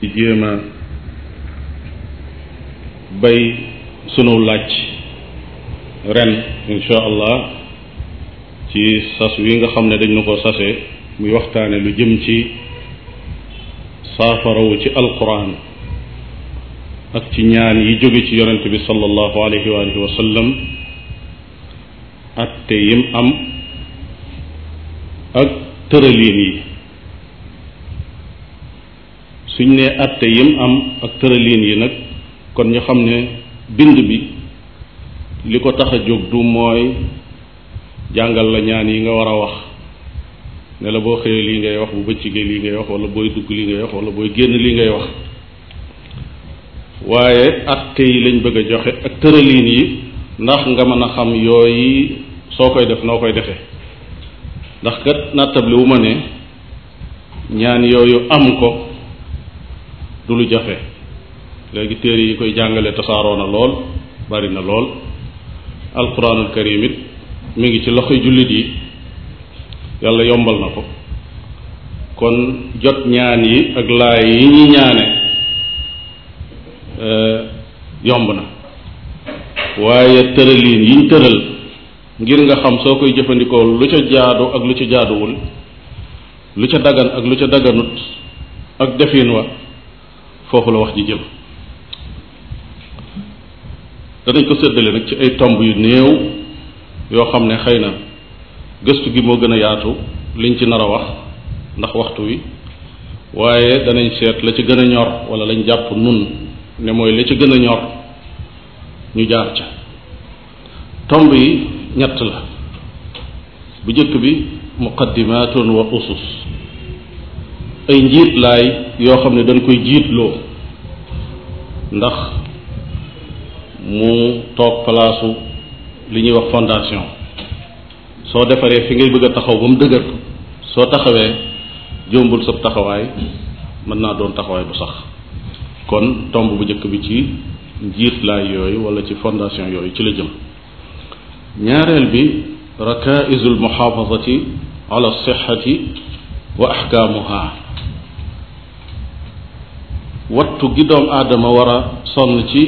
di jéem bay sunu laaj ren insha ci sas wi nga xam ne dañ na ko sase muy waxtaane lu jëm ci saafarawu ci alquran ak ci ñaan yi jóge ci yonent bi sallallahu alayhi wa alihi wa sallam atte yim am ak tëraliin yi suñ nee àtte yim am ak tëraliin yi nag kon ñu xam ne bind bi li ko tax a jóg du mooy jàngal la ñaan yi nga war a wax ne la boo xëyee lii ngay wax bu bëccëgee lii ngay wax wala booy dugg lii ngay wax génn lii ngay wax waaye atte yi lañ bëgg a joxe ak tëraliin yi ndax nga mën a xam yooyu soo koy def noo koy defee ndax kat nattab li wu ma ne ñaan yooyu am ko du lu jafe léegi téere yi koy jàngale tasaaroo na lool bari na lool alquranul karim it mi ngi ci loxo jullit yi yàlla yombal na ko kon jot ñaan yi ak laay yi ñuy ñaane euh, yomb na waaye tëraliin yiñ tëral ngir nga xam soo koy jëfandikoo lu ca jaadu ak lu ca jaaduwul lu ca dagan ak lu ca daganut ak defin wa foofu la wax ji jëm danañ ko séddale nag ci ay tomb yu néew yoo xam ne xëy na gëstu gi moo gën a yaatu liñ ci nar a wax ndax waxtu wi waaye danañ seet la ci gën a ñor wala lañ jàpp nun ne mooy la ci gën a ñor ñu jaar ca tomb yi ñett la bu jëkk bi muqaddimatun wa usus ay njiit yoo xam ne dañ koy jiitloo ndax mu toog palaasu li ñuy wax fondation soo defaree fi ngay bëgg a taxaw ba mu dëgër soo taxawee jombul sab taxawaay mën naa doon taxawaay bu sax kon tomb bu njëkk bi ci njiit laay yooyu wala ci fondation yooyu ci la jëm ñaareel bi rakaisul muxaafazati ala sixati wa axkaamuha wattu gi doom aadama war a sonn ci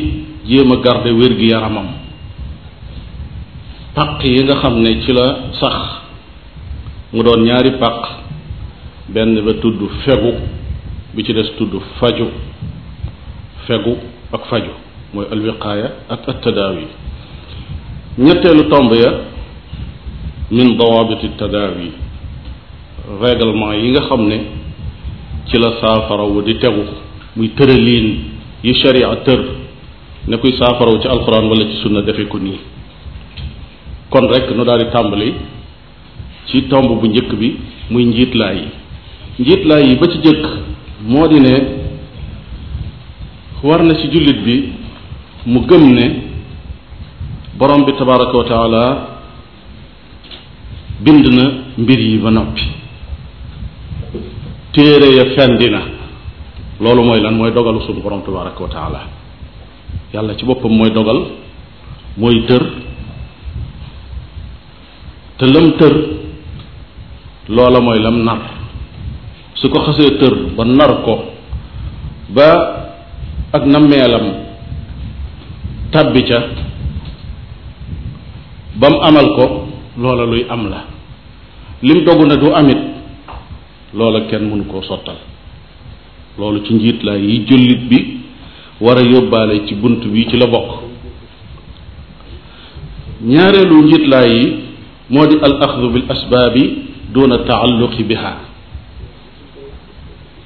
jéem a garde wér-gi-yaramam pàq yi nga xam ne ci la sax mu doon ñaari pàq benn ba tudd fegu bi ci des tudd faju fegu ak faju mooy alwiqaaya ak attadaawi ñetteelu tomb ya min dawaabiti tadaawi règlement yi nga xam ne ci la saafara wu di tegu muy tëraliin yi sharia tër ne kuy saafaraw ci alxuraan wala ci sunna defe ko nii kon rek nu daal di tàmbali ci tomb bu njëkk bi muy njiitlaay yi njiitlaay yi ba ci jëkk moo di ne war na ci jullit bi mu gëm ne borom bi tabaraka wa taala bind na mbir yi ba noppi téere ya fendi na loolu mooy lan mooy dogalu suñu borom tabaraka wa taala yàlla ci boppam mooy dogal mooy tër te lam tër loola mooy lam nar su ko xasee tër ba nar ko ba ak nammeelam tàbbi ca ba mu amal ko loola luy am la lim dogu ne du amit loola kenn mënu koo sottal loolu ci njiit laa yi jullit bi war a yóbbaale ci bunt bi ci la bokk ñaareelu njiit laa yi moo di al axdu bil asbaabi duna taalluqi biha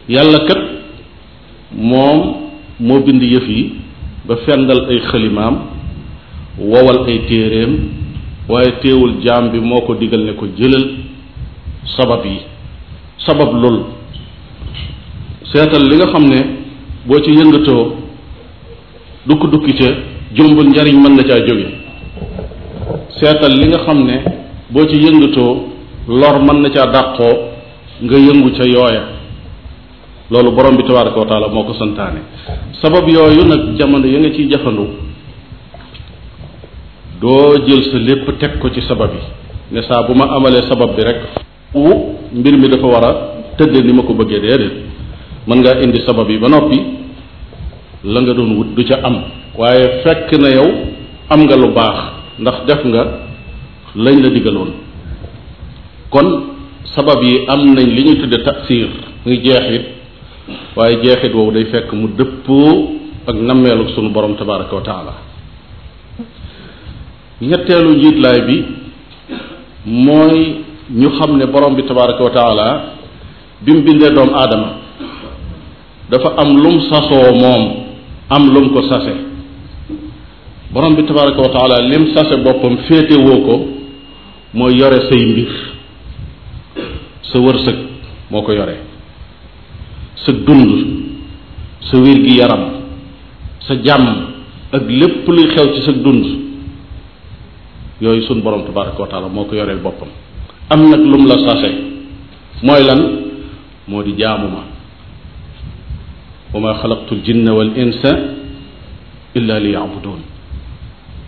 yàlla kat moom moo bind yëf yi ba fendal ay xalimaam wowal ay téeréem waaye teewul jaam bi moo ko digal ne ko jëlal sabab yi sabab lool seetal li nga xam ne boo ci yëngatoo dukk dukki ca jombul njariñ mën na caa jóge seetal li nga xam ne boo ci yëngatoo lor mën na caa dàqoo nga yëngu ca yooya loolu borom bi tabaraka wa moo ko santaane sabab yooyu nag jamono yi nga ciy jafandu doo jël sa lépp teg ko ci sabab yi ne saa bu ma amalee sabab bi rek u mbir mi dafa war a tëdd ni ma ko bëggee déedéet mën ngaa indi sabab yi ba noppi la nga doon wut du ca am waaye fekk na yow am nga lu baax ndax def nga lañ la digaloon kon sabab yi am nañ li ñu tudde tafsir muy jeexit waaye jeexit woowu day fekk mu dëppoo ak nammeelu sunu borom tabaraka wa taala ñetteelu njiitlaay bi mooy ñu xam ne borom bi tabaraka wa taala bi mu bindee doomu aadama dafa am lum sasoo moom am lum ko sase borom bi tabaraka wa lim sase boppam féetewoo ko mooy yore say mbir sa wërsëg moo ko yore sa dund sa wér gi yaram sa jàmm ak lépp luy xew ci sa dund yooyu sun borom tabaraka wa moo ko yoreel boppam am nag lum la sase mooy lan moo di jaamuma wa ma xalaqtu l jinna wal insa illa li yabudun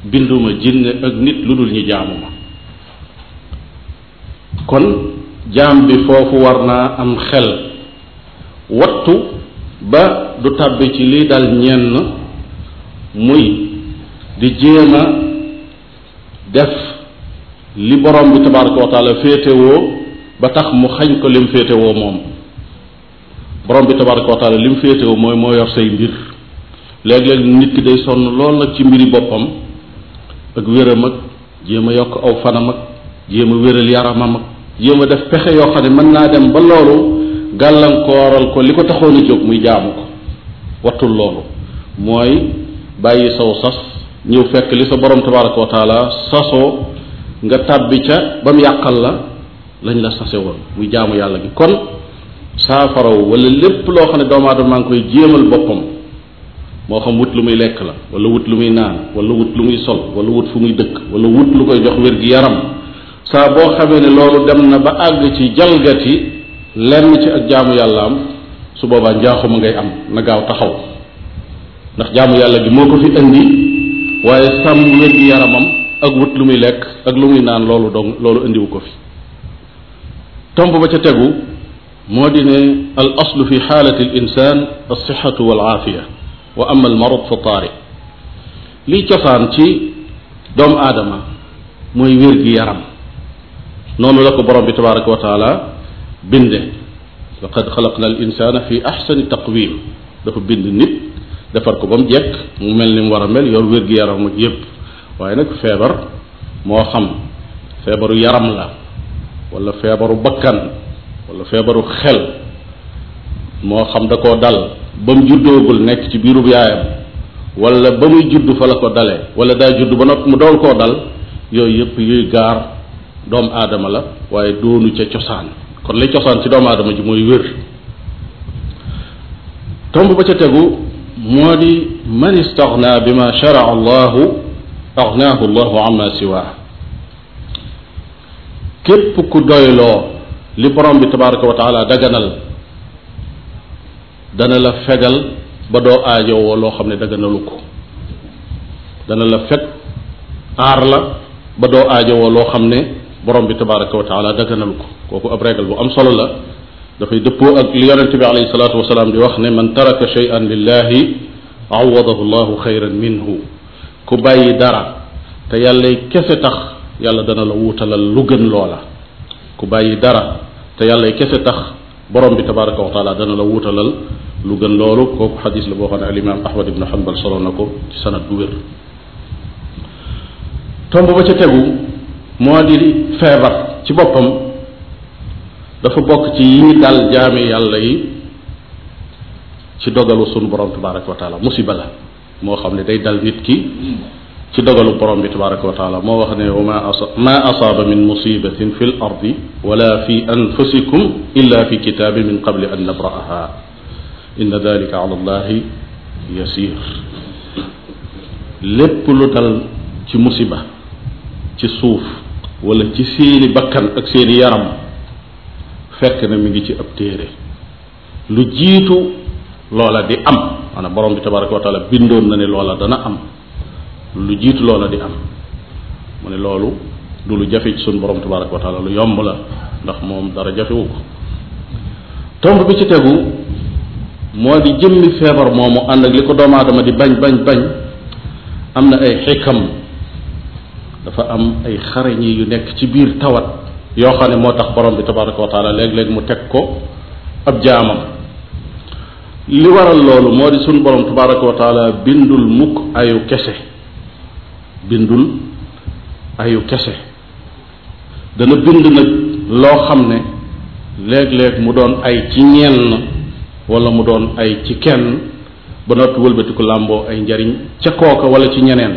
binduma jinne ak nit lu dul ñi jaamu ma kon jaam bi foofu war naa am xel wattu ba du tàbbi ci lii dal ñenn muy di jéema a def li borom bi tabaraka wa féetewoo ba tax mu xañ ko lim féetewoo moom borom bi tabaraka wa taala li mu féetewu mooy moo yor say mbir léegi léeg nit ki day sonn lool nag ci mbiri boppam ak wéram ak jéem a yokk aw fanam ak jéem a wéral yaramam ak jéem a def pexe yoo xam ne mën naa dem ba loolu gàllankooral ko li ko taxoon a jóg muy jaamu ko wattul loolu mooy bàyyi saw sas ñëw fekk li sa borom tabaraka wa taala sasoo nga tàbbi ca ba yàqal la lañ la sase woon muy jaamu yàlla gi kon saafaraw walla lépp loo xam ne doomu aadama maa ngi koy jéemal boppam moo xam wut lu muy lekk la wala wut lu muy naan wala wut lu muy sol wala wut fu muy dëkk wala wut lu koy jox wér-gi-yaram saa boo xamee ne loolu dem na ba àgg ci jalgati lenn ci ak jaamu yàlla am su boobaa njaaxuma ngay am na gaaw taxaw ndax jaamu yàlla gi moo ko fi indi waaye sàmm wér-gi-yaramam ak wut lu muy lekk ak lu muy naan loolu dong loolu indiwu ko fi tomb ba ca tegu moo di ne al aslu fi xaalati al insaan alsixatu wal aafiya wa ama al marad fa taari lii cosaan ci doomu aadama mooy wér-gi-yaram noonu la ko borom bi tabaraka wa taala binde laqad xalaqna al insaana fi axsani taqwim dafa bind nit defar ko ba mu jekk mu mel ni mu war a mel yor wér-gi-yaram yépp waaye nag feebar moo xam feebaru yaram la wala feebaru bakkan wala feebaru xel moo xam da ko dal ba mu juddoogul nekk ci biirub yaayam wala ba muy judd fa la ko dalee wala daa judd ba noppi mu dool koo dal yooyu yépp yuy gaar doomu aadama la waaye doonu ca cosaan kon la cosaan ci doomu adama ji mooy wér tomb ba ca tegu moo di man istaxna bi ma sharaa allahu axnaahu allahu amma siwaa képp ku doyloo li borom bi tabaraka wa taala daganal dana la fegal ba doo aajowoo loo xam ne daganalu ko dana la fekk aar la ba doo aajowoo loo xam ne borom bi tabaraka wa taala daganalu ko kooku ab régal bu am solo la dafay dëppoo ak li yonente bi alayhi salaatu wasalaam di wax ne man taraka shay'an lillahi awadahu llahu xayran minhu ku bàyyi dara te yàllay kese tax yàlla dana la wuutalal lu gën loola ku bàyyi dara te yàlla kese tax borom bi tabaraka wa taala dana la wuutalal lu gën loolu kooku xadis la boo xam ne al imam ahmad ibn hanbal solo na ko ci sanad bu wér tomb ba ca tegu moo di feebar ci boppam dafa bokk ci yi dal jaami yàlla yi ci dogalu sunu borom tabaraka wa taala musiba la moo xam ne day dal nit ki ci dogalu borom bi tabaraka wa taala moo wax wa ma asa min musibatin fi l ardi wala fi anfusikum illa fi kitaabin min qabli an nabra'aha inna dalika ala allahi yasir lépp lu dal ci musiba ci suuf wala ci seeni bakkan ak seeni yaram fekk na mi ngi ci ab téere lu jiitu loola di am maanaam borom bi tabaraka wa taala bindoon na ne loola dana am lu jiit loola di am mu ne loolu du lu jafe ci suñu borom tabaraka wa lu yomb la ndax moom dara jafewu ko tomb bi ci tegu moo di jëmmi feebar moomu ànd ak li ko doomu aadama di bañ bañ bañ am na ay xikam dafa am ay xarañi yu nekk ci biir tawat yoo xam ne moo tax borom bi tabaraka wa taala léeg-léeg mu teg ko ab jaamam li waral loolu moo di suñu borom tabaraka wa bindul mukk ayu kese bindul ayu kese dana bind nag loo xam ne léeg-léeg mu doon ay ci ñenn wala mu doon ay ci kenn ba noppi wëlbatiku làmboo ay njariñ ca kooka wala ci ñeneen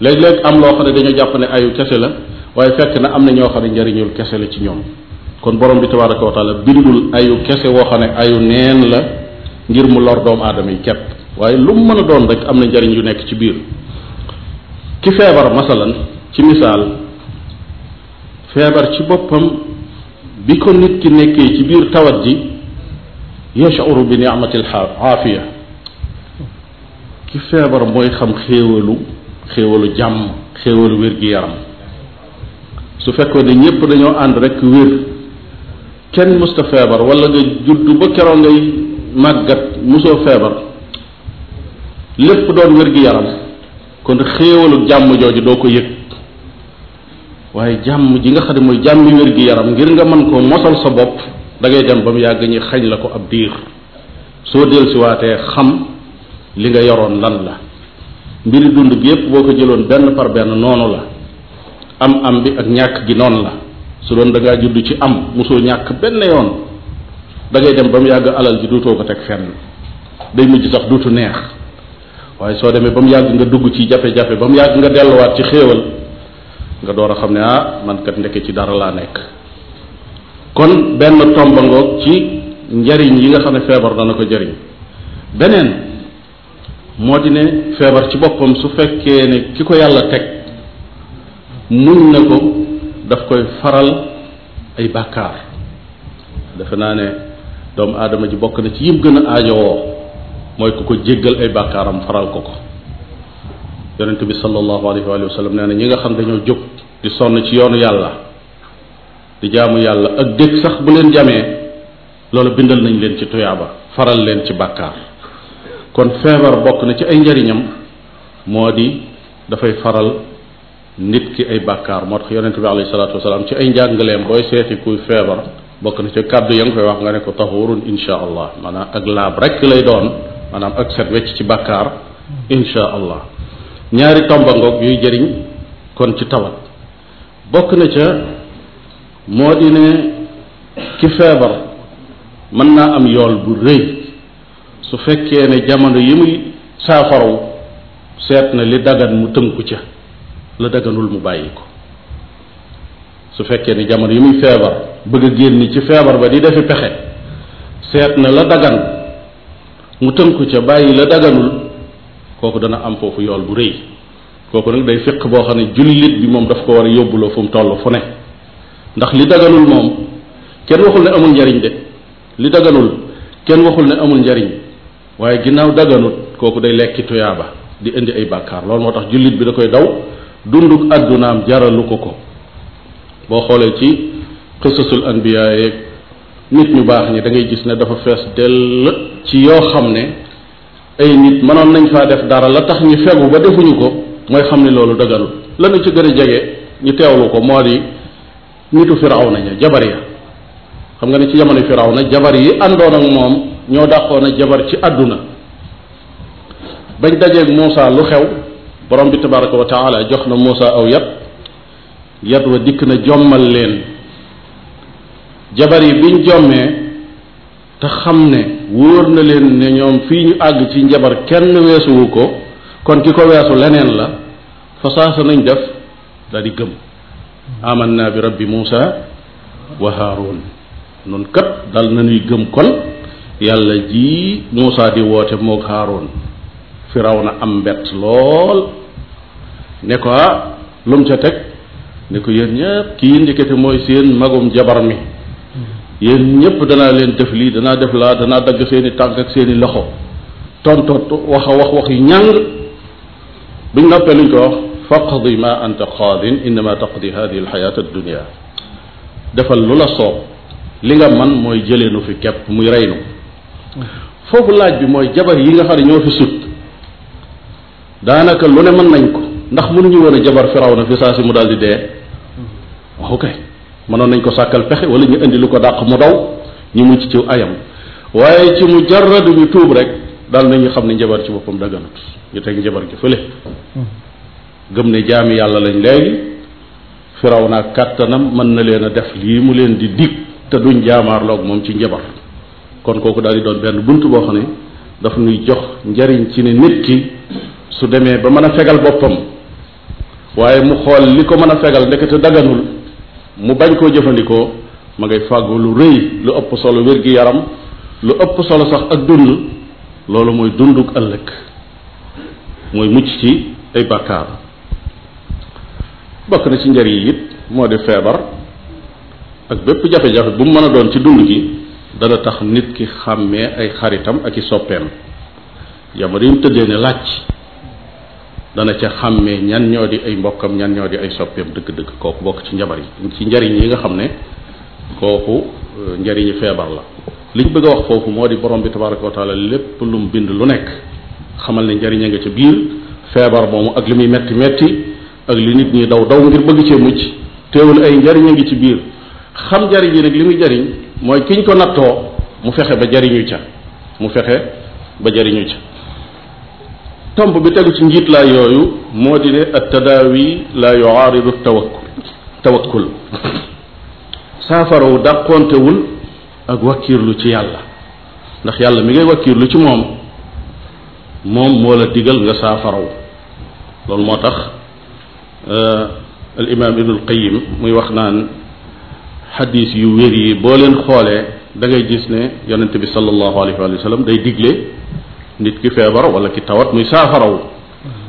léeg-léeg am loo xam ne dañoo jàpp ne ayu kese la waaye fekk na am na ñoo xam ne njariñul kese la ci ñoom kon borom bi tabaraka wa taala bindul ayu kese woo xam ne ayu neen la ngir mu lor doomu aadama yi ket waaye lu mu mën a doon rek am na njariñ yu nekk ci biir ki feebar masalan ci misaal feebar ci boppam bi ko nit ki nekkee ci biir tawat ji yashuru bi ni'matil aafiya ki feebar mooy xam xéewalu xéewalu jàmm xéewalu wér-gi-yaram su fekkoon de ñépp dañoo ànd rekk wér kenn musta feebar walla nga judd ba keroog ngay màggat musoo feebar lépp doon wér-gi-yaram kon xéewalu jàmm jooju doo ko yëg waaye jàmm ji nga xam ne mooy jàmmi wér gi yaram ngir nga mën ko mosal sa bopp da ngay dem ba mu yàgg ñi xañ la ko ab diir soo dellusiwaatee xam li nga yoroon lan la mbiri dund bi yépp boo ko jëloon benn par benn noonu la am am bi ak ñàkk gi noonu la su doon da ngaa judd ci am mosoo ñàkk benn yoon dangay dem ba mu yàgg alal ji duutoo ko teg fenn day mujj sax duutu neex waaye soo demee ba mu yàgg nga dugg ci jafe-jafe ba mu yàgg nga delluwaat ci xéewal nga door a xam ne ah man kat ndeke ci dara laa nekk kon benn tombangoog ci njariñ yi nga xam ne feebar dana ko jariñ beneen moo di ne feebar ci boppam su fekkee ne ki ko yàlla teg muñ na ko daf koy faral ay bàkkaar defe naa ne doomu aadama ji bokk na ci yim gën a aajowoo mooy ku ko jéggal ay bàkkaaram faral ko ko yonent bi sallallahu alayhi wa nee na ñi nga xam dañoo jóg di sonn ci yoonu yàlla di jaamu yàlla ak dégg sax leen jamee loolu bindal nañ leen ci tuyaaba faral leen ci bàkkaar kon feebar bokk na ci ay njariñam moo di dafay faral nit ki ay bàkkaar moo tax yonent bi alayhi salaatu wasalaam ci ay njàngaleem booy seeti kuy feebar bokk na ci kàddu yaa nga koy wax nga ne ko taxurun insha allah maanaam ak laab rek lay doon maanaam ak set wecc ci bàkkaar insha allah ñaari tombangoog yuy jariñ kon ci tawal bokk na ca moo di ne ki feebar mën naa am yool bu rëy su fekkee ne jamono yi muy saafaraw seet na li dagan mu tënku ca la daganul mu bàyyi ko su fekkee ne jamono yi muy feebar bëgg a génn ci feebar ba di defi pexe seet na la dagan mu tënku ca bàyyi la daganul kooku dana am foofu yool bu rëy kooku nag day fiq boo xam ne jullit bi moom daf ko war a yóbbuloo fu mu toll fu ne ndax li daganul moom kenn waxul ne amul njariñ de li daganul kenn waxul ne amul njariñ waaye ginnaaw daganut kooku day lekki tuyaaba di indi ay bàkkaar loolu moo tax jullit bi da koy daw dunduk àddunaam jaralu ko ko boo xoolee ci qisasul anbiya yeeg nit ñu baax ñi da ngay gis ne dafa fees dell ci yoo xam ne ay nit mënoon nañ faa def dara la tax ñu fegu ba defuñu ko mooy xam ne loolu dëgganul lanu ci gën a jege ñu teewlu ko moo di nitu firaw na ña jabar ya xam nga ne ci jamono firaw na jabar yi àndoon ak moom ñoo dàqoon a jabar ci àdduna bañ dajeeg Muusa lu xew borom bi tabaraka wa jox na Muusa aw yat yat wa dikk na jommal leen jabar yi biñ jommee te xam ne wóor na leen ne ñoom fii ñu àgg ci njabar kenn weesuwu ko kon ki ko weesu leneen la fa nañ def daal di gëm amanna bi rabbi Muusa wa Haaruun nun kat dal nañuy gëm kon yàlla ji Muusa di woote moog Haaruun na am mbett lool ne ko ah lum ca teg ne ko yéen ñëpp kii ndikete mooy seen magum jabar mi yéen ñëpp danaa leen def lii danaa def laa danaa dagg seeni tànk ak seeni loxo tontot wax wax wax yi ñàng buñ noppee luñ ko wax faqdi ma anta qaadin innama taqdi hadihi alxayat addunia defal man mooy jëleenu fi kepp muy laaj bi mooy jabar yi nga xam ne ñoo fi sut daanaka lu ne mën nañ ko ndax mënuñu woon a jabar firaw na fi saa si mu daal di dee waxu mënoon nañ ko sàkkal pexe wala ñu indi lu ko dàq mu daw ñu mu ci ayam waaye ci mu jaradu ñu tuub rek daal nañu xam ne njabar ci boppam daganut ñu teg njabar gi fële gëm ne jaami yàlla lañ léegi firaw naa kàttanam mën na leen a def lii mu leen di dikk te duñ jaamaarloog moom ci njabar kon kooku daal di doon benn bunt boo xam ne dafa ñuy jox njariñ ci ne nit ki su demee ba mën a fegal boppam waaye mu xool li ko mën a fegal ndekete daganul mu bañ koo jëfandikoo ma ngay fàggu lu rëy lu ëpp solo wér-gi-yaram lu ëpp solo sax ak dund loolu mooy dunduk ëllëg mooy mucc ci ay bàkkaar bokk na ci njariñ yi it moo de feebar ak bépp jafe-jafe bu mu mën a doon ci dund gi dana tax nit ki xàmmee ay xaritam ak i soppeem jamono yi mu tëddee ne làcc dana ca xàmmee ñan ñoo di ay mbokkam ñan ñoo di ay soppeem dëgg-dëgg kooku bokk ci njabar yi ci njariñ yi nga xam ne kooku euh, njariñi feebar la liñ bëgg a wax foofu moo di borom bi tabaraka wa taala lépp lu mu bind lu nekk xamal ne njariñ a ngi ca biir feebar boobu ak li muy metti metti ak li nit ñi daw daw ngir bëgg cee mucc teewul ay njariñ a ngi ci biir xam njariñ yi nag li muy jariñ mooy kiñ ko nattoo mu fexe ba jariñu ca mu fexe ba jariñu ca tomb bi tegu ci njiit laa yooyu moo di ne at tadaawi laa yuaaridu tawakkul tawakkul saafarawu dàqoontewul ak wakkiirlu ci yàlla ndax yàlla mi ngay lu ci moom moom moo la digal nga saafaraw loolu moo tax euh, al imaam ibnul qayim muy wax naan xadiis yu wér yi boo leen xoolee dangay gis ne yonent bi sallallahu alayhi wa sallam day digle nit ki feebar wala ki tawat muy saafarawu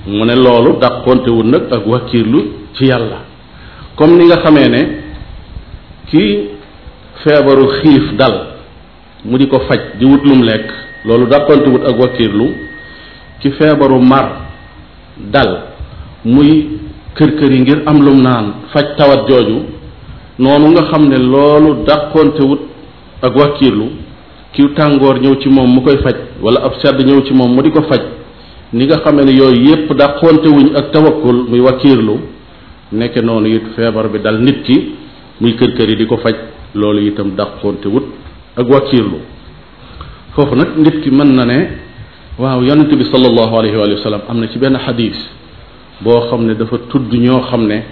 mu ne loolu dàqontewul nag ak wakkiirlu ci yàlla comme ni nga xamee ne ki feebaru xiif dal mu di ko faj di wut lum lekk loolu dàqontewut ak wakkiirlu ki feebaru mar dal muy kër kër yi ngir am lum naan faj tawat jooju noonu nga xam ne loolu dàqontewut ak wakkiirlu ki tàngoor ñëw ci moom mu koy faj wala ab sedd ñëw ci moom mu di ko faj ni nga xamee ne yooyu yépp da xonte wuñ ak tawakkul muy wakiirlu nekke noonu it feebar bi dal nit ki muy kër kër yi di ko faj loolu itam dàqonte wut ak wakiirlu foofu nag nit ki mën na ne waaw yonente bi sallallahu alayhi wa am na ci benn xadis boo xam ne dafa tudd ñoo xam ne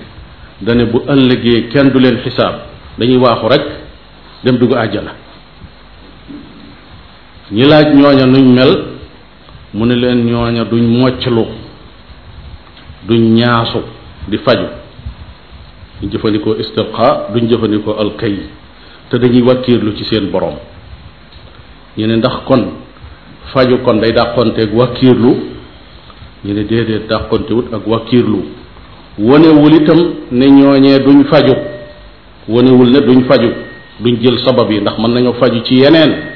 dane bu ëllëgee kenn du leen xisaab dañuy waaxu rek dem dugg àjjana ñi laaj ñooña nuñ mel mu ne leen ñooña duñ mocclu duñ ñaasu di faju duñ jëfandikoo istirqa duñ jëfandikoo alkay te dañuy wakkiirlu ci seen borom ñu ndax kon faju kon day dàqonteeg wakkiirlu ñu ne déedéet dàqontewut ak wakkiirlu wonewul itam ne ñooñee duñ faju wonewul ne duñ faju duñ jël sabab yi ndax mën nañoo faju ci yeneen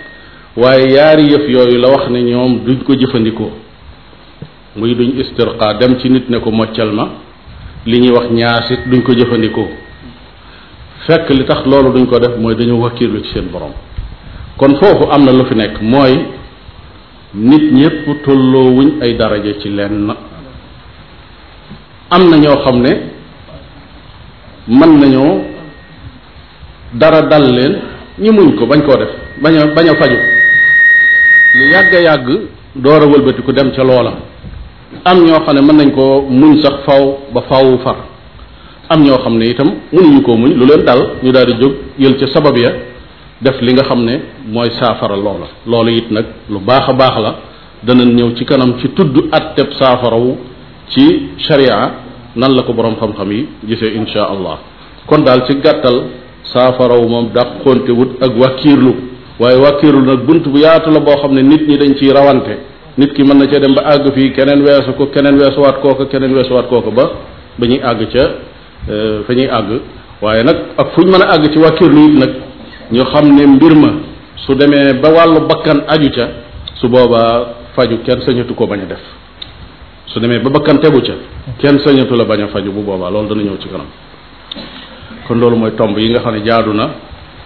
waaye yaari yëf yooyu la wax ne ñoom duñ ko jëfandikoo muy duñ istirqa dem ci nit ne ko moccal ma li ñuy wax ñaasit duñ ko jëfandikoo fekk li tax loolu duñ ko def mooy dañu wakkiirlu ci seen borom kon foofu am na lu fi nekk mooy nit ñépp tolloo wuñ ay daraja ci lenn am na ñoo xam ne mën nañoo dara dal leen ñu muñ ko bañ koo def bañ faju lu yàgg a yàgg door a wëlbatiku dem ca loola am ñoo xam ne mën nañ koo muñ sax faw ba fawu far am ñoo xam ne itam mënuñu ko muñ lu leen dal ñu daal di jóg yël ca sabab ya def li nga xam ne mooy saafara loola loolu it nag lu baax a baax la dana ñëw ci kanam ci tudd atteb saafarawu ci sharia nan la ko boroom xam-xam yi gisee insha allah kon daal ci gàttal saafara saafarawu moom dàqonte wut ak wàkkiirlu waaye wàkkiirul nag bunt bu yaatu la boo xam ne nit ñi dañ ciy rawante nit ki mën na cee dem ba àgg fii keneen weesu ko keneen weesuwaat kooka keneen waat kooka ba ba ñuy àgg ca euh, fa ñuy àgg waaye nag ak fu ñu mën a àgg ci wàkkiirlu it nag ñu xam ne mbir ma su demee ba wàllu bakkan aju ca su boobaa faju kenn sañatu ko bañ a def su demee ba bakkan tegu ca kenn sañatu la bañ a faju bu boobaa loolu dana ñëw ci kanam kon loolu mooy tomb yi nga xam ne jaadu na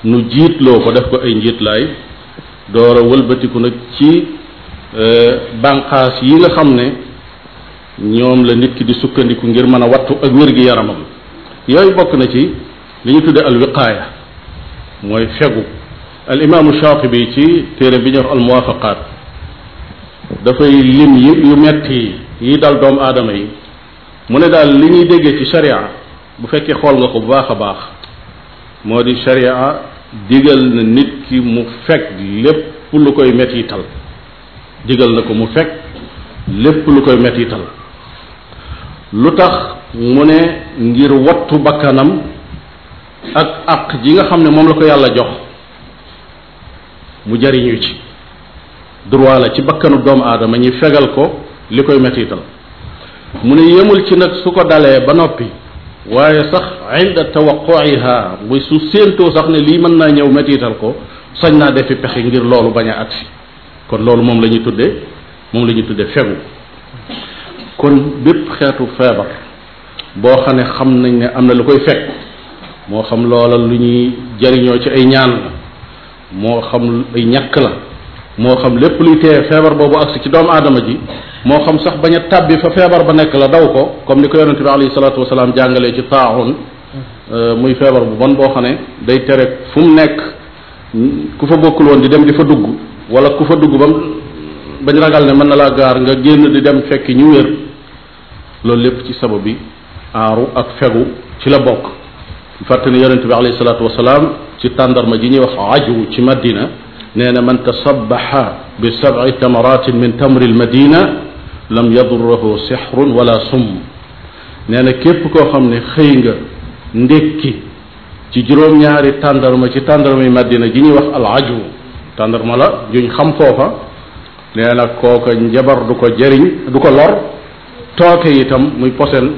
nu jiitloo ko def ko ay njiitlaay door a wëlbatiku nag ci eh, bànqaas yi nga xam ne ñoom la nit ki di sukkandiku ngir mën a wattu ak wér gi yaramam yooyu bokk na ci li ñu tuddee al wiqaaya mooy fegu al imaamu bi ci téere bi ñuy wax al muwaafaqaat dafay lim yi yu metti yi dal doomu aadama yi mu ne daal li ñuy déggee ci sharia bu fekkee xool nga ko bu baax a baax moo di sharia digal na nit ki mu fekk lépp lu koy mettital digal na ko mu fekk lépp lu koy mettital lu tax mu ne ngir wattu bakkanam ak àq ji nga xam ne moom la ko yàlla jox mu jariñu ci droit ci bakkanu doomu aadama ñi fegal ko li koy mettital mu ne yemul ci nag su ko dalee ba noppi waaye sax inda tawaquiha muy su séentoo sax ne lii mën naa ñëw metiital ko sañ naa defi pexe ngir loolu bañ a agsi kon loolu moom la ñuy tuddee moom lañuy ñuy tuddee fegu kon bépp xeetu feebar boo xam ne xam nañ ne am na lu koy fekk moo xam loola lu ñuy jariñoo ci ay ñaan moo xam ay ñàkk la moo xam lépp luy téye feebar boobu agsi ci doomu aadama ji moo xam sax bañ a tàbbi fa feebar ba nekk la daw ko comme ni ko yonente bi alayhi salaatu wasalaam jàngalee ci taaxun euh, muy feebar bu bon boo xam ne day tere fu mu nekk ku fa di dem di fa dugg wala ku fa dugg bam bañ ragal ne mën na laa gaar nga génn di dem fekk ñu wér loolu lépp ci sabab bi aaru ak fegu ci la bokk fàttali yonente bi alayhi salaatu wasalaam ci tàndarma ji ñuy wax ajwu ci madina nee na man tasabbaxa bi sab'i tamaratin min tamri almadina lam yadurruhu sixrun wala sum nee na képp koo xam ne xëy nga ndékki ci juróom-ñaari tàndarma ci tàndarma yi madina ji ñuy wax al ajwu tàndarma la juñ xam foofa nee na kooka njabar du ko jëriñ du ko lor tooke itam muy posen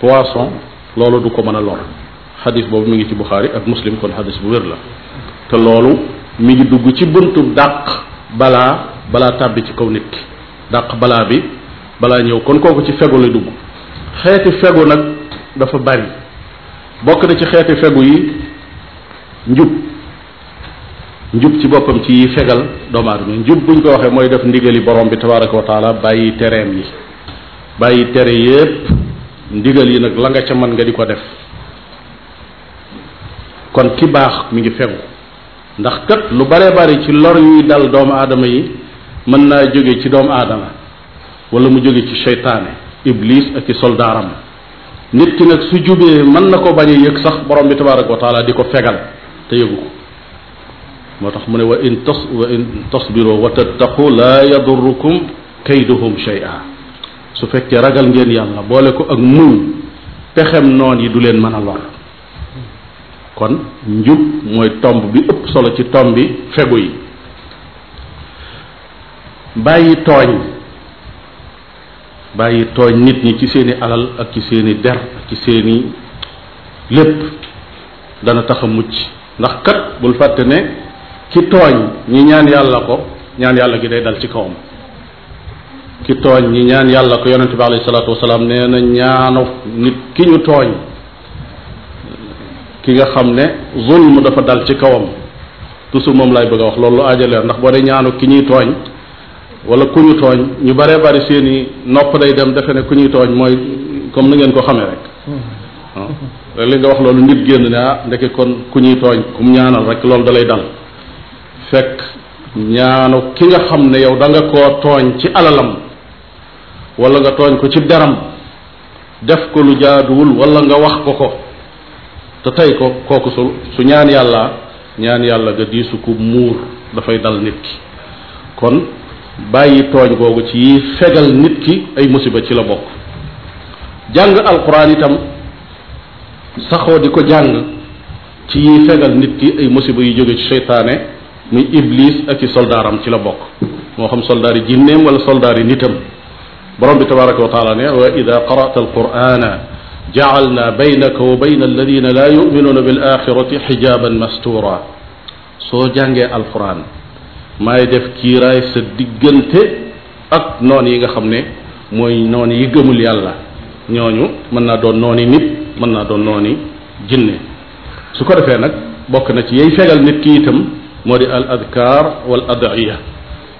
poisson loolu du ko mën a lor xadis boobu mu ngi ci buxaari ak muslim kon xadis bu wér la te loolu mi ngi dugg ci buntu dàq balaa balaa tàbbi ci kaw nit ki dàq balaa bi balaa ñëw kon kooku ci fegu la dugg xeeti fegu nag dafa bari bokk na ci xeeti fegu yi njub njub ci boppam ci yi fegal doomu aadama njub buñ ko waxee mooy def ndigali borom bi tabaraka wa taala bàyyi tereem yi bàyyi tere yépp ndigal yi nag la nga ca man nga di ko def kon ki baax mi ngi fegu ndax kat lu bare bari ci lor yuy dal doomu aadama yi mën naa jóge ci doomu aadama wala mu jóge ci seytaane iblis ak i soldaaram nit ki nag su jubee mën na ko bañ a yëg sax borom bi tabaraka wa taala di ko fegal te yëgu ko moo tax mu ne wa in tas wa in tasbiro wa tattaqu laa yadurukum kayduhum shay'a su fekkee ragal ngeen yàlla boole ko ak muñ pexem noon yi du leen mën a lor kon njub mooy tomb bi ëpp solo ci tomb bi fegu yi bàyyi tooñ bàyyi tooñ nit ñi ci seeni alal ak ci seeni der ak ci seeni lépp dana tax a mucc ndax kat bul fàtte ne ki tooñ ñi ñaan yàlla ko ñaan yàlla gi day dal ci kawam ki tooñ ñi ñaan yàlla ko yonente bi alayhi salaatu wasalaam nee na ñaanu nit ki ñu tooñ ki nga xam ne zulm dafa dal ci kawam toujours moom laay bëgg a wax loolu lu aaja leer ndax boo dee ñaanu ki ñuy tooñ wala ku ñu tooñ ñu baree bari seen i nopp day dem defe ne ku ñuy tooñ mooy comme na ngeen ko xamee rek hmm. ah. wax loolu nit génn ne ah kon ku ñuy tooñ kum ñaanal rek loolu dalay dal fekk ñaanu ki nga xam ne yow danga ko tooñ ci alalam wala nga tooñ ko ci deram def ko lu jaaduwul wala nga wax ko ko te tey ko kooku su su ñaan yàlla ñaan yàlla nga diisu ku muur dafay dal nit ki kon bàyyi tooñ googu ci yi fegal nit ki ay musiba ci la bokk jàng alquran itam saxoo di ko jàng ci yi fegal nit ki ay musiba yu jóge ci seytaane muy iblis ak ci soldaaram ci la bokk moo xam soldaar yi jinneem wala soldaar yi nitam borom bi tabaraka wa taala ne wa ida qara'ta alqurana jacalnaa baynaka wa bayna alladina laa yuminuuna bil axirati xijaaban mastuura soo jàngee alquran maay def kiiraay sa diggante ak noon yi nga xam ne mooy noon yi gëmul yàlla ñooñu mën naa doon nooni nit mën naa doon nooni jinne su ko defee nag bokk na ci yey fegal nit ki itam moo di al adkaar wal adaiya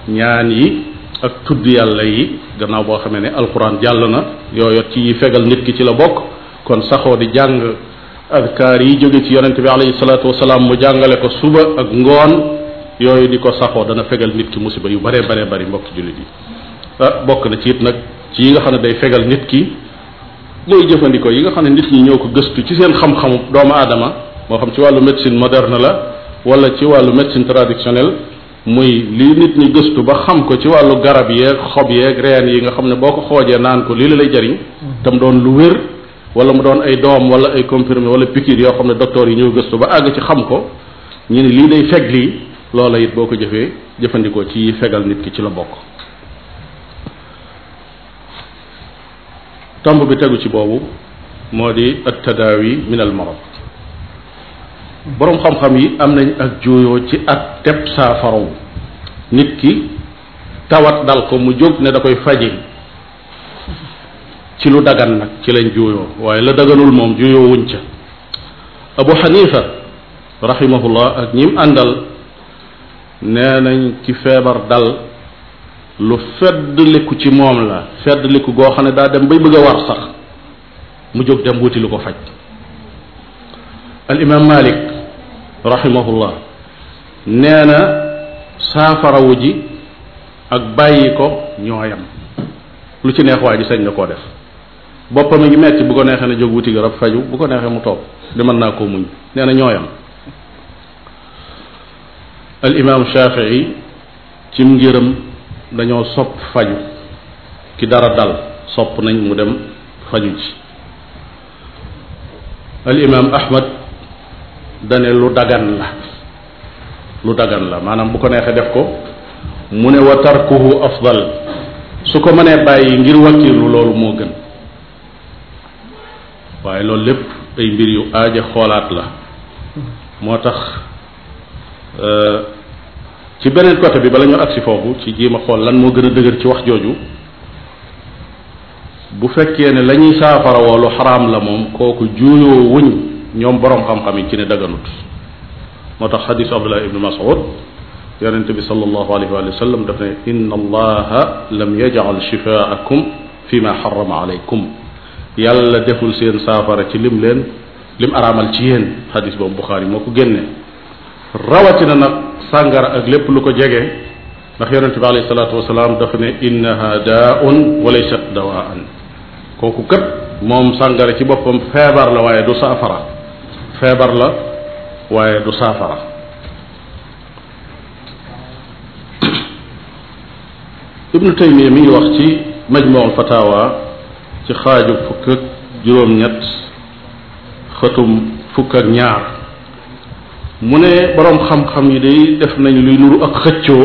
ñaan yi ak tudd yàlla yi gannaaw boo xamee ne alquran jàll na yooyot ci yi fegal nit ki ci la bokk kon saxoo di jàng adkaar yi jóge ci yonente bi alayhi salaatu wasalaam mu jàngale ko suba ak ngoon yooyu di ko saxoo dana fegal nit ki musiba yu bare bare bari mbokki jullit yi ah, bokk na ci it nag yi nga xam ne day fegal nit ki mooy jëfandikoo yi nga xam ne nit ñi ñëw ko gëstu ci seen xam-xamu doomu aadama moo xam ci wàllu médecine moderne la wala ci wàllu médecine traditionnelle muy lii nit ñi gëstu ba xam ko ci wàllu garab yeeg xob yeeg reen yi nga xam ne boo ko xoojee naan ko lii la lay jariñ tam doon lu wér wala mu doon ay doom wala ay confirmé wala piqûre yoo xam ne docteur yi ñoo gëstu ba àgg ci xam ko ñu ne lii day feg lii loola it boo ko jëfee jëfandikoo ci fegal nit ki ci la bokk tomb bi tegu ci boobu moo di at tadaawi min al boroom xam-xam yi am nañ ak juuyoo ci at teb saafaraw nit ki tawat dal ko mu jóg ne da koy faji ci lu dagan nag ci lañ juuyoo waaye la daganul moom juuyoo wuñ ca abu xanifa rahimahullah ak ñim àndal nee nañ ci feebar dal lu feddliku ci moom la feddliku goo xam ne daa dem bay bëgg a war sax mu jóg dem wuti lu ko faj al imam malik rahimahullah nee na saafarawu ji ak bàyyi ko ñooyam lu ci neex waa ji sañ na koo def boppam a ngi metti bu ko neexee ne jóg wuti garab faju bu ko neexee mu toog di mën naa koo muñ nee na ñooyam al imam shafii ci ngiram dañoo sopp faju ki dara dal sopp nañ mu dem faju ci al imam ahmad dane lu dagan la lu dagan la maanaam bu ko neexee def ko mu ne wa tarkuhu afdal su ko mënee bàyyi ngir wakkiilu loolu moo gën waaye loolu lépp ay mbir yu aaja xoolaat la moo tax euh, ci beneen côté bi bala ñu agsi foofu ci jéem a xool lan moo gën a dëgër ci wax jooju bu fekkee ne la saafara woo lu xaraam la moom kooku juuyoo wuñ ñoom boroom xam-xam yi ci ne daganut moo tax xadisu abdullah ibnu masud yonente bi sallallahu alayhi wa sallam daf ne inna allaha lam yajal shifaakum fi ma xarama alaykum yàlla deful seen saafara ci lim leen lim araamal ci yéen xadis boobu Buxaari moo ko génne rawatina nag sàngara ak lépp lu ko jege ndax yonente bi alayhi salaatu wasalaam dafa ne innaha daaun wa laysat sàngara ci boppam feebar la waaye du saafara feebar la waaye du saafara ibnu taymiya mi wax ci majmuul fatawa ci xaaju fukk ak juróom-ñett xëtum fukk ak ñaar mu ne boroom xam-xam yi day def nañu luy nuru ak xëccoo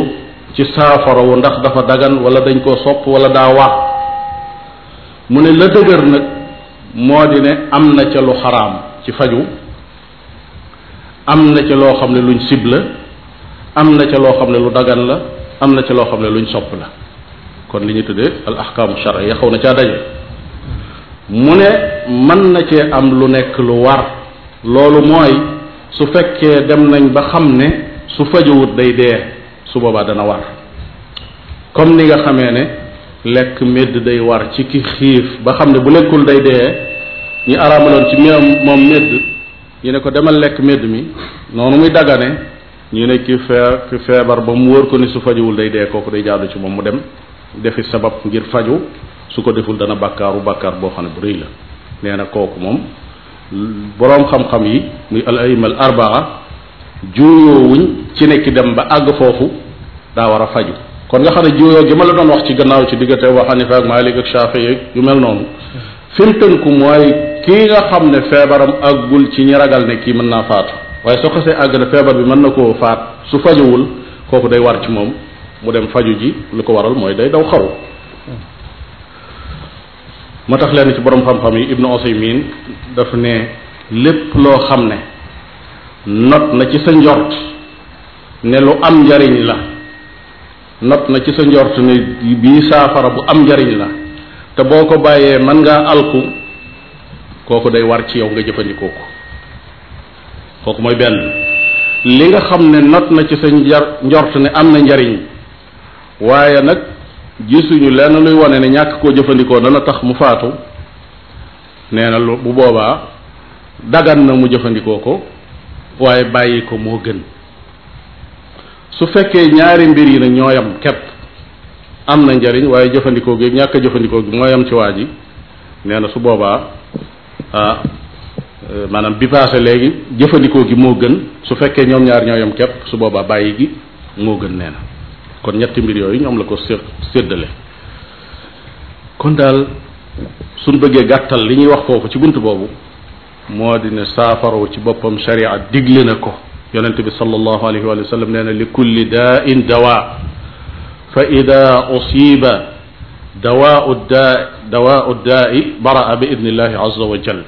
ci saafarawu ndax dafa dagan wala dañ koo sopp wala daa wax mu ne la dëgër nag moo di ne am na ca lu xaraam ci faju am na ca loo xam ne luñ sib la am na ca loo xam ne lu dagan la am na ca loo xam ne luñ sopp la kon li ñu tuddee al ahkaamu charia xaw na caa daje mu ne mën na cee am lu nekk lu war loolu mooy su fekkee dem nañ ba xam ne su fajuwut day dee su boobaa dana war comme ni nga xamee ne lekk médd day war ci ki xiif ba xam ne bu lekkul day dee ñi araamaloon ci miam moom médd ñu ne ko demal lekk médd mi noonu muy daggane ñu ne ki fee ki feebar ba mu wóor ko ni su fajuwul day dee kooku day jaadu ci moom mu dem defi sabab ngir faju su ko deful dana bàkkaaru bàkkaar boo xam ne bu rëy la nee na kooku moom boroom xam-xam yi muy al aima al arbaa juuyoowuñ ci nekki dem ba àgg foofu daa war a faju kon nga xam ne juuyoo gi ma la doon wax ci gannaaw ci diggante wa Xanifa ak Maalik ak Shaafi yu mel noonu fi mu tënku mooy kii nga xam ne feebaram àggul ci ñi ragal ne kii mën naa faatu waaye soo xasee àgg na feebar bi mën na koo faat su fajuwul kooku day war ci moom mu dem faju ji lu ko waral mooy day daw xaru moo tax leen ci borom xam-xam yi ibnu Usaymin dafa ne lépp loo xam ne not na ci sa njort ne lu am njariñ la not na ci sa njort bii saafara bu am njariñ la te boo ko bàyyee mën ngaa alku kooku day war ci yow nga jëfandikoo ko kooku mooy benn li nga xam ne not na ci sa njor njort ne am na njariñ waaye nag gisuñu lenn luy wane ne ñàkk koo jëfandikoo dana tax mu faatu nee na lu bu boobaa dagan na mu jëfandikoo ko waaye bàyyi ko moo gën su fekkee ñaari mbir yi nag ñoo yam kepp am na njariñ waaye jëfandikoo gi ñàkk jëfandikoo gi moo yam ci waa ji nee na su boobaa ah euh, maanaam bi passé léegi jëfandikoo gi moo gën su fekkee ñoom ñaar ñooyam yam kepp su boobaa bàyyi gi moo gën neena kon ñetti mbir yooyu ñoom la ko sé séddale kon daal suñ bëggee gàttal li ñuy wax foofu ci bunt boobu moo di ne saafaraw ci boppam sharia digle na ko yonente bi sallallahu alayhi wa sallam nee na li kulli daain dawa fa ida usiba dawaau daa dawaau daai baraa bi idnillahi azza wa jal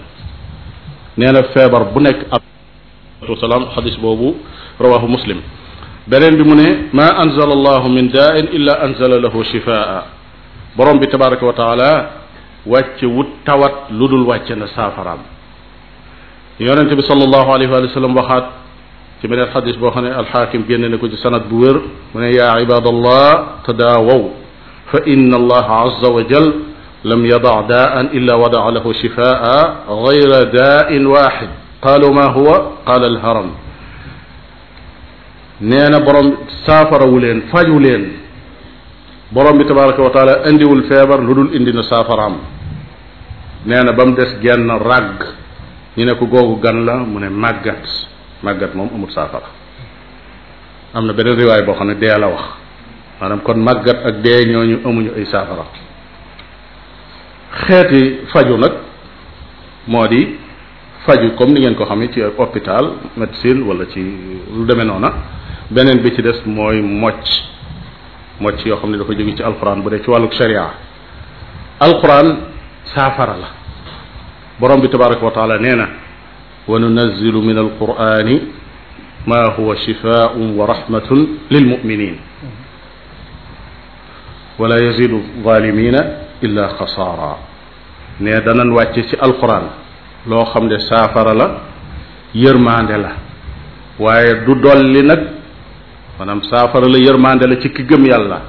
nee na feebar bu nekk ab salaam xadis boobu rawahu muslim beneen bi mu ne ma anzala allahu min daain illa anzala lahu shifaa borom bi tabaraka wa taala wàcce wut tawat lu dul wàcce na saafaraam yonente bi salallahu alayhi wa sallam waxaat ci beneen xadis boo xam ne alxaakim génne na ko ci sanat bu wér mu ne yaa ibadallah tadaawaw fa inna allaha azza wa jal lam yadaa daan illa wadaa lahu shifaa gayra daain waaxid qaalu ma huwa qaala alharam nee na borom saafarawu leen faju leen borom bi tabaraka wa indiwul feebar lu dul indi na saafaraam nee na ba mu des genn ràgg ñu ne ko googu gan la mu ne màggat màggat moom amul saafara am na beneen riwaay boo xam ne dee la wax maanaam kon màggat ak dee ñu amuñu ay saafara xeeti faju nag moo di faju comme ni ngeen ko xamee ci hôpital médecine wala ci lu demee noona beneen bi ci des mooy mocc mocc yoo xam ne dafa jóge ci alxuraan bu dee ci wàlluk sharia alxuraan saafara la borom bi tabaraka wa nee na wa nunazilu min alqurani ma huwa shifaun wa rahmatun lilmuminin wala yazidu zalimina illa xasaara ne danan wàcce ci alquran loo xam ne saafara la yërmaande la waaye du dolli maanaam saafara la yërmande la ci ki gëm yàlla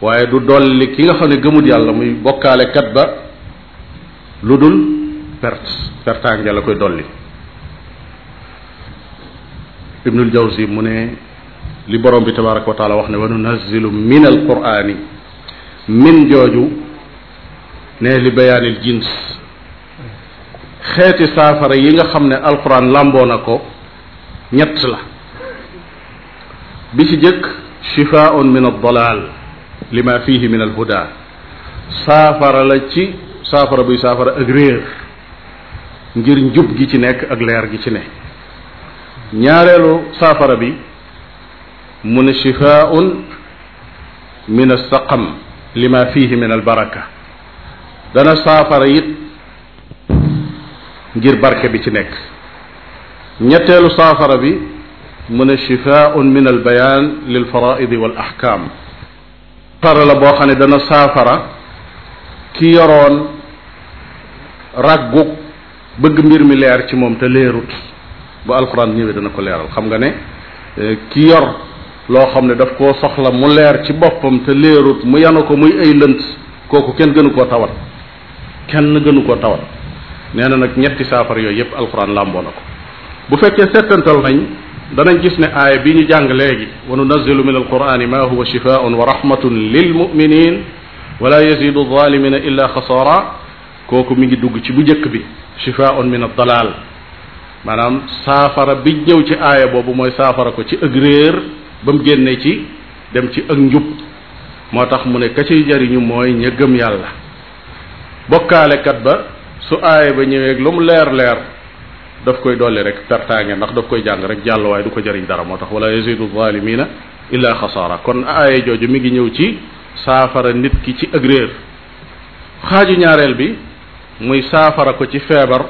waaye du dolli ki nga xam ne gëmut yàlla muy bokkaale kat ba lu dul perte pertaange la koy dolli ibnul jawzi mu ne li borom bi tabaraka wa taala wax ne wa nunazilu min minal qurani min jooju ne li bayaanil jins xeeti saafara yi nga xam ne alquran làmboo na ko ñett la bi ci jëkk shifaun min ad-dalal lima fihi min al-huda saafara la ci saafara buy saafara ak réer ngir njub gi ci nekk ak leer gi ci ne ñaareelu saafara bi mu ne shifaun min as-saqam lima fihi min al-baraka dana saafara it ngir barke bi ci nekk ñetteelu saafara bi mu ne shifaun min al bayan lil faraidi wal ahkam para la boo xam ne dana saafara ki yoroon raggug bëgg mbir mi leer ci moom te leerut bu alquran ñëwee dana ko leeral xam nga ne eh, ki yor loo xam ne daf koo soxla mu leer ci boppam te leerut mu yanu ko muy ay lënt kooku kenn gënu koo tawat kenn gënu koo tawat nee na nag ñetti saafara yooyu yépp alquran làmboo ko bu fekkee settantal nañ danañ gis ne aaya bi ñu jàng léegi wa nunazilu min alqurani ma huwa shifaun wa rahmatun lilmuminin wa yazidu zalimina illa xasaara kooku mi ngi dugg ci bu njëkk bi shifaun min addalaal maanaam saafara bi ñëw ci aaya boobu mooy saafara ko ci ëg réer ba mu génnee ci dem ci ak njub moo tax mu ne ka ciy jariñu mooy ña yàlla bokkaalekat ba su aaya ba ñëweeg lu mu leer leer daf koy dolli rek pertaange ndax daf koy jàng rek jàll waaye du ko jariñ dara moo tax wala yazidu zalimina illa xasaara kon aaya jooju mi ngi ñëw ci saafara nit ki ci ak xaaju ñaareel bi muy saafara ko ci feebar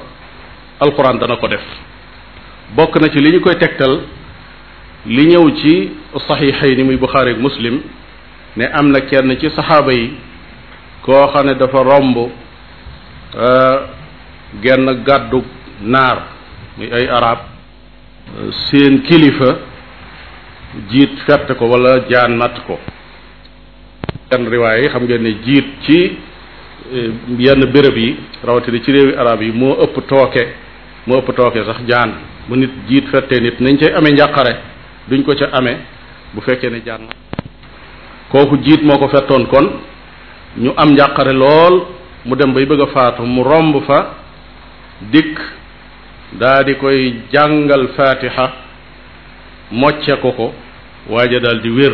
alquran dana ko def bokk na ci li ñu koy tegtal li ñëw ci yi ni muy buxaari ak muslim ne am na kenn ci saxaaba yi koo xam ne dafa romb euh, genn gàddu naar muy ay arab seen kilifa jiit fett ko walla jaan natt ko yenn riwaay yi xam ngeen ne jiit ci eh, yenn béréb yi rawatina ci réewi arab yi moo ëpp tooke moo ëpp tooke sax jaan bu nit jiit fettee nit nañ cay amee njàqare duñ ko ca ame bu fekkee ne jaan natt kooku jiit moo ko fettoon kon ñu am njàqare lool mu dem bay bëgg a faatu mu romb fa dikk daa di koy jàngal fatiha mocce ko ko waaja daal di wér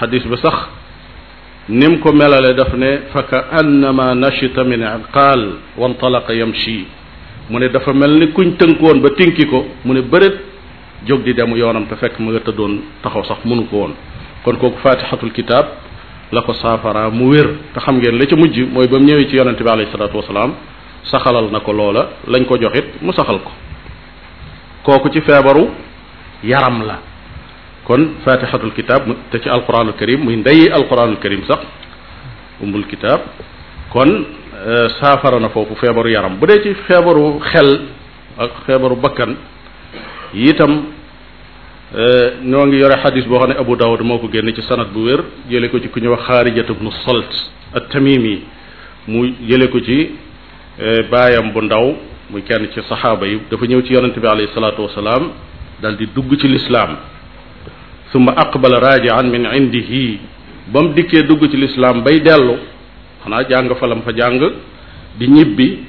xadis ba sax ni mu ko melale daf ne fa ka annama nashita min aqaal wantalaqa yamshi mu ne dafa mel ni kuñ woon ba tinki ko mu ne bëreet jóg di demu yoonam te fekk mu nga tëddoon taxaw sax mënu ko woon kon kooku fatihatul kitab la ko saafara mu wér te xam ngeen la ca mujj mooy ba mu ñëwee ci yonente bi alayhi salaatu wasalaam saxalal na ko loola lañ ko joxit mu saxal ko kooku ci feebaru yaram la kon fatihatul kitab te ci alquranul karim muy ndey ndeyi alquranul karim sax umbul kitab kon euh, saafara na foofu feebaru yaram bu dee ci feebaru xel ak feebaru bakkan itam ñoo euh, ngi yore xadis boo xam ne Abu Dawud moo ko génne ci sanat bu wér jële ko ci ku ñuy wax Xaarijat ibnu Salt at-Tamimi mu jële ko ci euh, baayam bu ndaw muy kenn ci saxaaba yi dafa ñëw ci yonente bi alayhi salaatu salaam dal di dugg ci lislaam suma aqbala raajian min indihi ba mu dikkee dugg ci lislaam bay dellu xanaa jàng falam fa jàng di ñibbi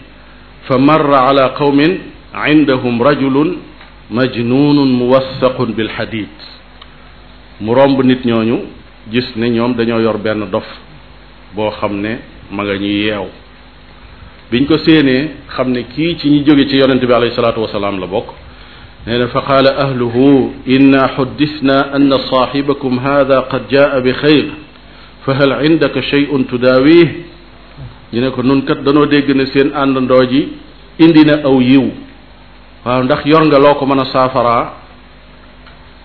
fa marra ala qawmin indahum rajulun majnunun muwassaqun bil hadid mu romb nit ñooñu gis ne ñoom dañoo yor benn dof boo xam ne ma nga ñuy yeew biñ ko séenee xam ne kii ci ñi jóge ci yonente bi alayhi salaatu wasalaam la bokk nee na fa qaala ahluhu inna xuddisna anna saaxibakum hada qad jaa bi xayr fa hal indaka shay'un tudaawih ñu ko nun kat danoo dégg ne seen àndandoo ji indi na aw yiw waaw ndax yor nga loo ko mën a saafaraa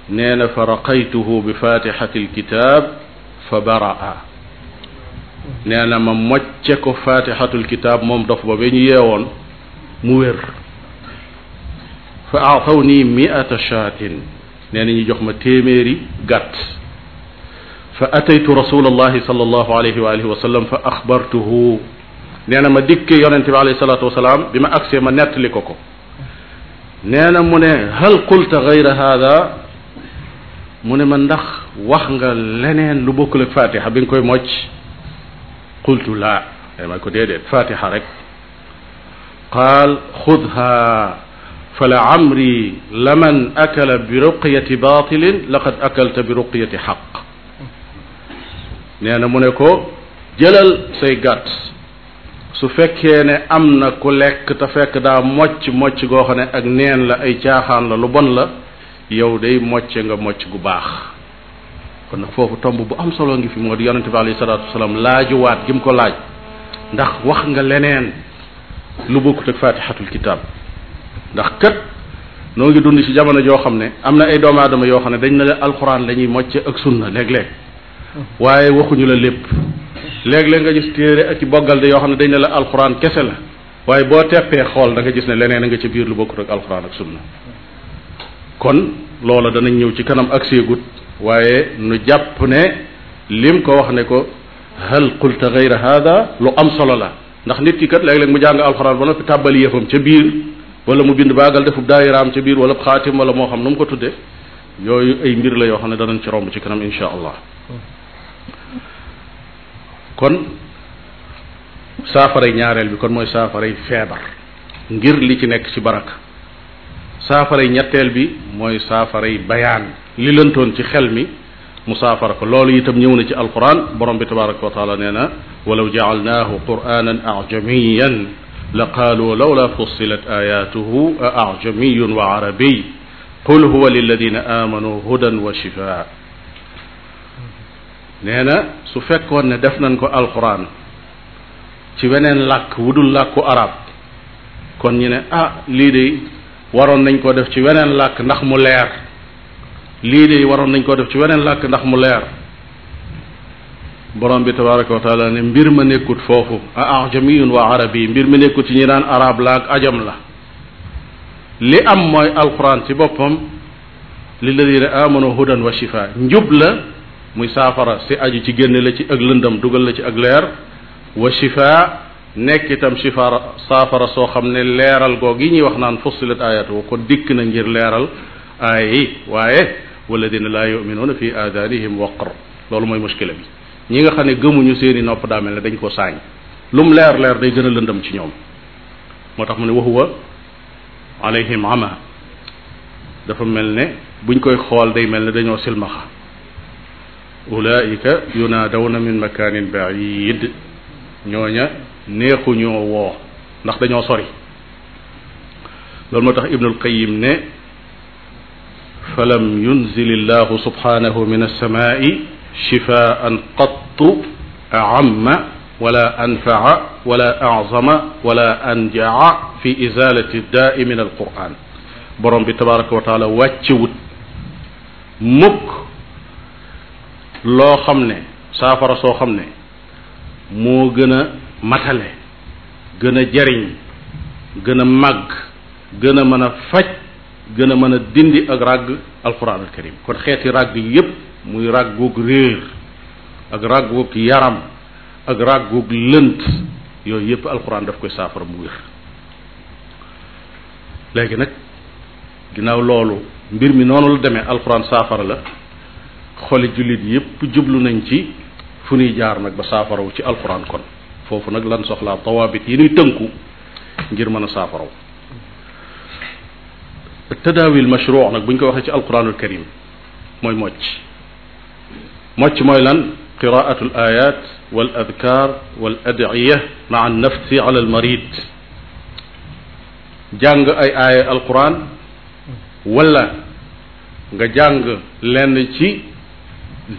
nee na fa raqaytuhu bi fatixati alkitab fa baraa nee na ma mocce ko faatixatul kitaab moom dof ba ba ñu yeewoon mu wér fa aataw nii miata shaatin nee na ñu jox ma téeméeri gàtt fa ataytu rasulallahi sallallahu alayhi wa alihi wa sallam fa axbartuhu nee na ma dikkee yonente bi alayhi salaatu wasalaam bi ma agsee ma nettali ko ko nee na mu ne hal qulta gayra haada mu ne ma ndax wax nga leneen lu bokkul ak faatixa bi nga koy mocc qultu laa dama ko déedéet fatiha rek qaal xudha fa la amri laman akala bi ruqyati batilin laqad akalta bi ruqyati xaq nee na mu ne ko jëlal say gàtt su fekkee ne am na ku lekk te fekk daa mocc mocc goo xam ne ak neen la ay caaxaan la lu bon la yow day mocce nga mocc gu baax kon nag foofu tomb bu am solo ngi fi moo di yonente bi alayhi salaatu wasalaam laajuwaat gi mu ko laaj ndax wax nga leneen lu bokkut ak fatihatul kitab ndax kat noo ngi dund ci jamono joo xam ne am na ay doomu aadama yoo xam ne dañ na la alxuraan la ñuy mocc ak sunna léeg-léeg waaye waxuñu la lépp léeg-léeg nga gis téere ak ci boggal de yoo xam ne dañ ne la alxuraan kese la waaye boo teppee xool da gis ne leneen a nga ci biir lu bokkut ak alxuraan ak kon loola danañ ñëw ci kanam ak waaye nu jàpp ne lim ko wax ne ko hal qulta gayra hada lu am solo la ndax nit ki kat léeg-léeg mu jàng alxuraan ba noppi tàbbali yëfam ca biir wala mu bind baagal defub daayiraam ca biir wala xaatim wala moo xam nu mu ko tudde yooyu ay mbir la yoo xam ne danañ ci romb ci kanam insha allah kon saafaray ñaareel bi kon mooy saafaray feebar ngir li ci nekk ci baraka saafaray ñetteel bi mooy saafaray bayaan li lëntoon ci xel mi mu saafara ko loolu itam ñëw na ci alquran borom bi tabaraka wa taala nee na walaw jaalnaahu quranan ajamiyan la qaalu lawla fussilat ayatuhu a ajamiyun wa arabiy qul huwa liladina amanu hudan wa shifaa nee na su fekkoon ne def nañ ko alquran ci weneen làkk wu dul làkku arab kon ñu ne ah lii de waroon nañ ko def ci weneen làkk ndax mu leer lii de waroon nañ koo def ci weneen làkk ndax mu leer borom bi tabaraka wa ne mbir ma nekkut foofu a ajamiyun wa arabi mbir ma nekkut ci ñi naan arab la ak ajam la li am mooy alquran ci boppam lilladina amanu hudan wa shifa njub la muy saafara si aju ci génne la ci ak lëndam dugal la ci ak leer wa shifa nekk shifa saafara soo xam ne leeral googu yi ñuy wax naan fussilat ayatu ko dikk na ngir leeral aay waaye walladina laa yuminuuna fi aadanihim waqr loolu mooy muskila bi ñi nga xam ne gëmuñu seeni nopp daa mel ne dañ ko saañ lum leer leer day gën lëndam ci ñoom moo tax mu ne waxuwa alayhim ama dafa mel ne buñ koy xool day mel ne dañoo silmaxa ulaika yunaadawna min makaanin baid ñooña neexuñoo woo ndax dañoo sori loolu moo tax ibnul qayim ne falam yunzil illahu subhanahu min alsamaai shifaan qattu aamma wala anfaa wala azama wala anjaa fi izalati daai min alquran borom bi tabaraka wa taala wàccewut mukk loo xam ne saafara soo xam ne moo gën a matale gën a jariñ gën a màgg gën a mën a faj gën a mën a dindi ak ràgg alquran al karim kon xeeti ràgg yépp muy ràggoog réer ak ràggoog yaram ak ràggoog lënt yooyu yépp alquran daf koy saafara mu wér léegi nag ginnaaw loolu mbir mi noonu la demee alquran saafara la xoli jullit yépp jublu nañ ci fu ñuy jaar nag ba saafaraw ci alquran kon foofu nag lan soxlaa tawaabit yi ñuy tënku ngir mën a saafaraw tadaawil mashruux nag bu ñu ko waxee ci alquranul karim mooy mocc mocc mooy lan qiraatu al ayat wal adkar wal nafsi al marid jàng ay aaya alquran wala nga jàng lenn ci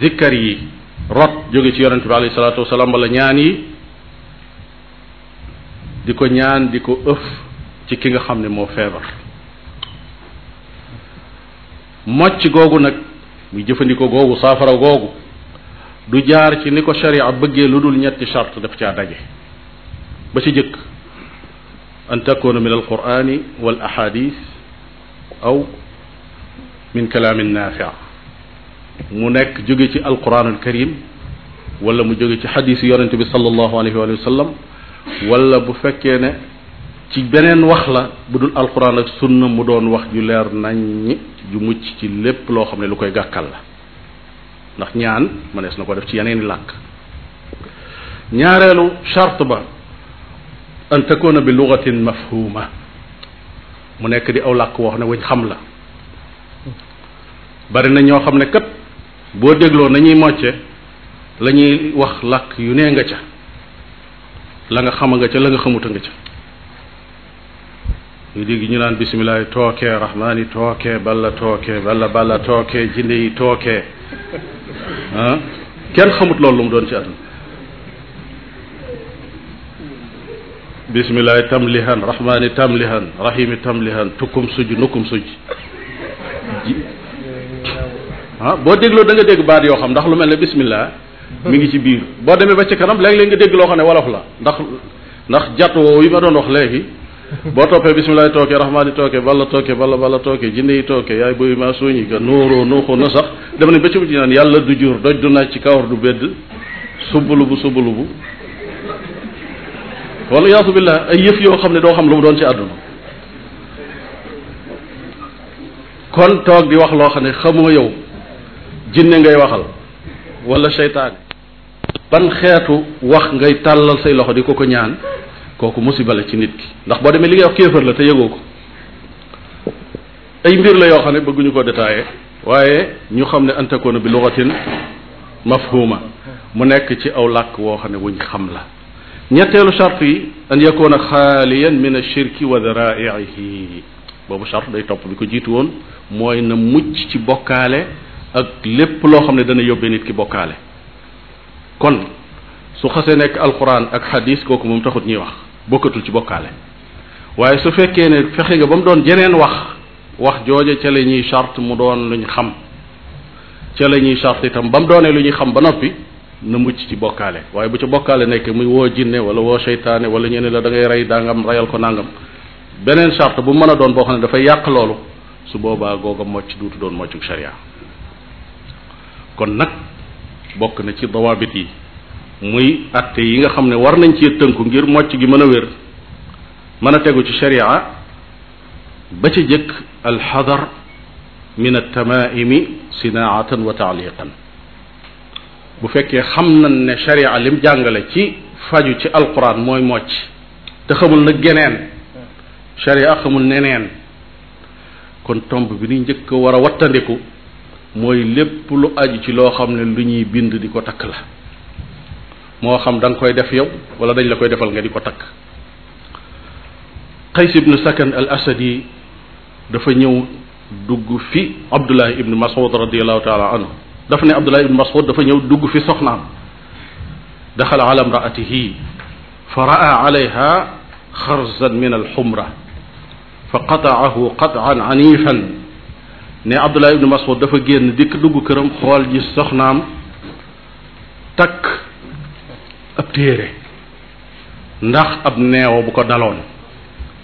zikkar yi rot jóge ci yonente bi alayhi salaatu di ko ñaan di ko ci ki nga xam ne moo feebar mocc googu nag muy jëfandikoo googu saafara googu du jaar ci ni ko sharia bëggee lu dul ñetti charte daf caa daje ba ci jëkk an takuna min alqurani wal ahadis aw min kalaamin naafia mu nekk jóge ci alquranul karim wala mu jóge ci xadis yonente bi salallahu alayhi wa wala bu fekkee ne ci beneen wax la bu dul alxuraan ak sunna mu doon wax ju leer nañ ñi ju mucc ci lépp loo xam ne lu koy gàkkal la ndax ñaan mënees na ko def ci yeneen i làkk ñaareelu charte ba an takuna bi lugatin mafhuma mu nekk di aw làkk woo xam ne wuñ xam la bari na ñoo xam ne kat boo dégloo nañuy mocce la ñuy wax làkk yu nee nga ca la nga xam nga ca la nga xamuta nga ca nga dégg ñu naan bisimilahi tookee rahmaani tookee balla tookee balla balla tookee jinne yi tookee ah kenn xamut loolu lu mu doon ci àdduna bisimilahi tamlihan rahmaani tamlihan rahimi tamlihan tukkum suj nukkum suj ah boo dégloo da nga dégg baat yoo xam ndax lu mel ne bismillah mi ngi ci biir boo demee ba ci kanam léeg-léeg nga dégg loo xam ne wolof la ndax ndax jat woowu yi ma doon wax léegi boo toppee bisimilahi tooke rahmaani tooke balla tooke balla balla tooke jinne yi tooke yaay boyu maa suuñi ga nóoroo nuuxu na sax dem nañ ba ci mujj naan yàlla du jur doj du naaj ci kawar du bedd subbulu bu bu wala yaasu billah ay yëf yoo xam ne doo xam lu mu doon ci àdduna kon toog di wax loo xam ne xamuma yow jinne ngay waxal walla seytaan ban xeetu wax ngay tàllal say loxo di ko ko ñaan kooku musiba la ci nit ki ndax boo demee li ngay wax kéefër la te yëgoo ko ay mbir la yoo xam ne bëgguñu ko détaillé waaye ñu xam ne antakoona bi lugatin mafhuma mu nekk ci aw làkk woo xam ne wuñ xam la ñetteelu charte yi an yakoona xaaliyan min ashirki wa daraihi boobu charte day topp bi ko jiitu woon mooy na mucc ci bokkaale ak lépp loo xam ne dana yóbbee nit ki bokkaale kon su xasee nekk alquran ak xadis kooku moom taxut ñuy wax bokkatul ci bokkaale waaye su fekkee ne fexe nga ba mu doon jeneen wax wax jooja ca la ñuy charte mu doon lu ñu xam ca la ñuy charte itam ba mu doonee lu ñuy xam ba noppi na mucc ci bokkaale waaye bu ci bokkaale nekk muy woo jinne wala woo seytaane wala ñu la da ngay rey dàngam reyal ko nangam beneen charte bu mën a doon boo xam ne dafay yàq loolu su boobaa googa mocc duutu doon moccuk sharia kon nag bokk na ci dawaabit yi muy atte yi nga xam ne war nañ ci tënku ngir mocc gi mën a wér mën a tegu ci sharia ba ca jëkk alxadar min altamaimi sinaatan wa taaliqan bu fekkee xam nañ ne sharia lim jàngale ci faju ci alquran mooy mocc te xamul na geneen sharia xamul neneen kon tomb bi ni njëkk war a wattandiku mooy lépp lu aju ci loo xam ne lu ñuy bind di ko takk la moo xam da nga koy def yow wala dañ la koy defal nga di ko takk qays ibnu sakan al asadi dafa ñëw dugg fi abdullah ibnu mas'ud radiallahu taala anhu dafa ne abdullah ibnu mas'ud dafa ñëw dugg fi soxnaam daxala ala imraatihi fa raa alayha xarzan min alxumra fa qataahu qataan anifan ne abdullah ibnu mas'ud dafa génn dikk dugg këram xool ji soxnaam takk ab téere ndax ab neew bu ko daloon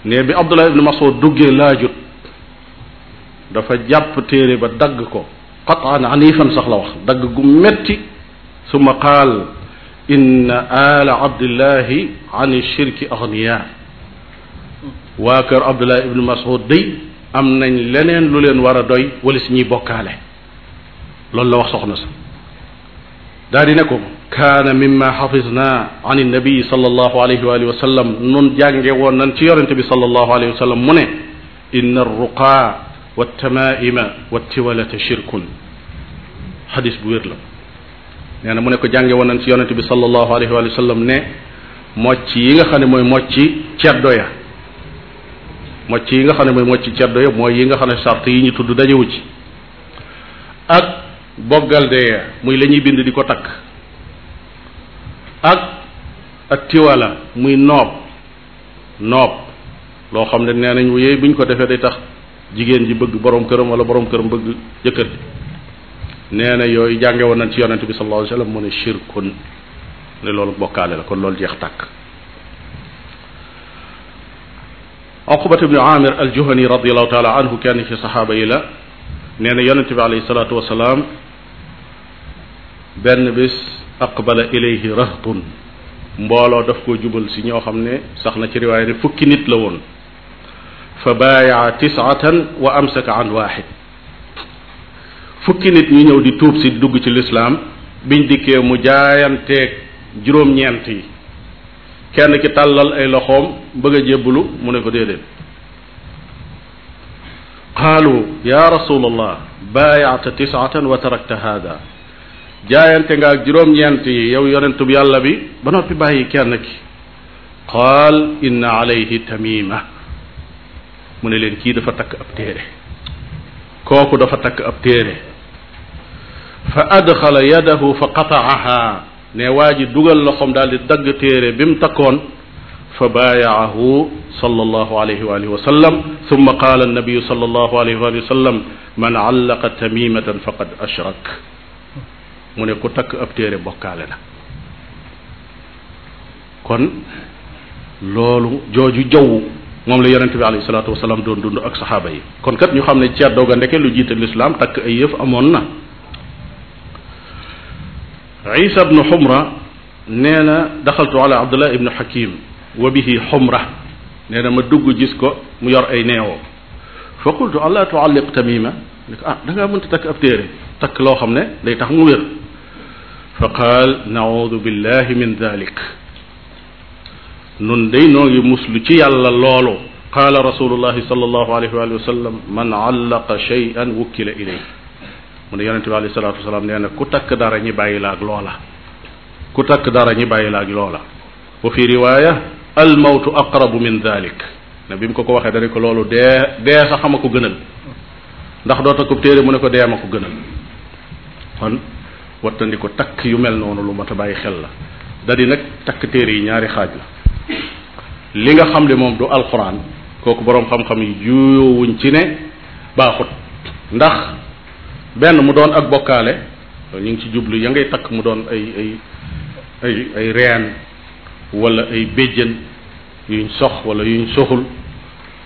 nee bi Abdullah ibn Mas'ud duggee laajut dafa jàpp téere ba dagg ko qataan anifan sax la wax dagg gu metti suma qaal inna ala abdillahi an waa kër Abdullah ibn Mas'ud day am nañ leneen lu leen war a doy wala si ñuy bokkaale loolu la wax soxna sa daal ne ko kaana mimma xafisna an innabii sallallahu alayhi wa alihi wa sallam nun jànge nan ci yonente bi sallallahu alayhi wa sallam mu ne inna arruqaa waltamaa'ima wattiwalata shirkun xadis bu wér la nee na mu ne ko jànge woon nan ci yonente bi sallallahu alayhi wa sallam ne mocc yi nga xam ne mooy mocc ceddo ya mocc yi nga xam ne mooy mocc ceddo ya mooy yi nga xam ne sart yi ñu tudd dajewu ci ak boggal de muy lañuy bind di ko takk ak ak tiwala muy noob noob loo xam ne nee nañ yooyu bu ñu ko defee day tax jigéen ji bëgg borom këram wala borom këram bëgg jëkkër ji nee na yooyu jànge woon nañ ci yonent bi sallallahu alayhi wasallam mu ne shirkun ne loolu bokkaale la kon loolu jeex tàkk Uqbat ibnu Amir al-Juhani radiyallahu taala anhu kenn ci saxaaba yi la nee na yonent bi alayhi salaatu wasalaam benn bis aqbala ilayhi rahbun mbooloo daf ko jubal ci ñoo xam ne sax na ci riwaaya ne fukki nit la woon fa baayaa tisaatan wa amsaka an waaxid fukki nit ñu ñëw di tuub si dugg ci lislaam biñ dikkee mu jaayanteeg juróom-ñeent yi kenn ki tàllal ay loxoom bëgg a jébbalu mu ne ko déedéet qaalu ya rasulallah baayaata tisaatan wa tarakta haada jaayante nga ak juróom-ñeent yi yow yonentub yàlla bi ba noppi bàyyi kenn ki qaal inna alayhi tamima mu ne leen kii dafa takk ab téere kooku dafa takk ab téere fa adxala yadahu fa qataaha ne waa ji dugal loxoom daal di dagg téere bi mu takkoon fa baayaahu sallallahu alayhi wa alihi wa sallam summa qaala annabiyu sallallahu alayhi wa alihi wa sallam man allaqa tamimatan faqad ashrak mu ne ko takk ab téere bokkaale la kon loolu jooju jaww moom la yonente bi alayhi salaatu wasalaam doon dund ak saxaaba yi kon kat ñu xam ne ceet doog a ndeke lu jiite lislaam takk ay yëf amoon na isa bnu xumra nee na daxaltu ala abdullah ibnu hakim wa bihi xumra nee na ma dugg gis ko mu yor ay neewoo fa qultu allah tualliq tamima ne ko ah da ngaa mënta takk ab téere takk loo xam ne day tax mu wér fa qaal naudu billahi min dalik nun day noo ngi muslu ci yàlla loolu qaala rasulullahi sallallahu alayhi wa sallam man allaqa shay'an wukkila ilay mu ne yonente bi alayhi salatu wasalaam nee na ku takk dara ñi bàyyi laag loola ku takk dara ñi bàyyi laag loola wa fi riwaaya al mawtu aqrabu min dalik ne bi mu ko ko waxee dane ko loolu dee dee sa xama ko gënal ndax doo takkub téere mu ne ko dee ma ko gënal kon wattandi takk yu mel noonu lu mat a bàyyi xel la dadi nag takk téere yi ñaari xaaj la li nga xam ne moom du alxuraan kooku boroom xam-xam yi juyoowuñ ci ne baaxut ndax benn mu doon ak bokkaale ñu ngi ci jublu ya ngay takk mu doon ay ay ay ay reen wala ay béjjën yuñ sox wala yuñ soxul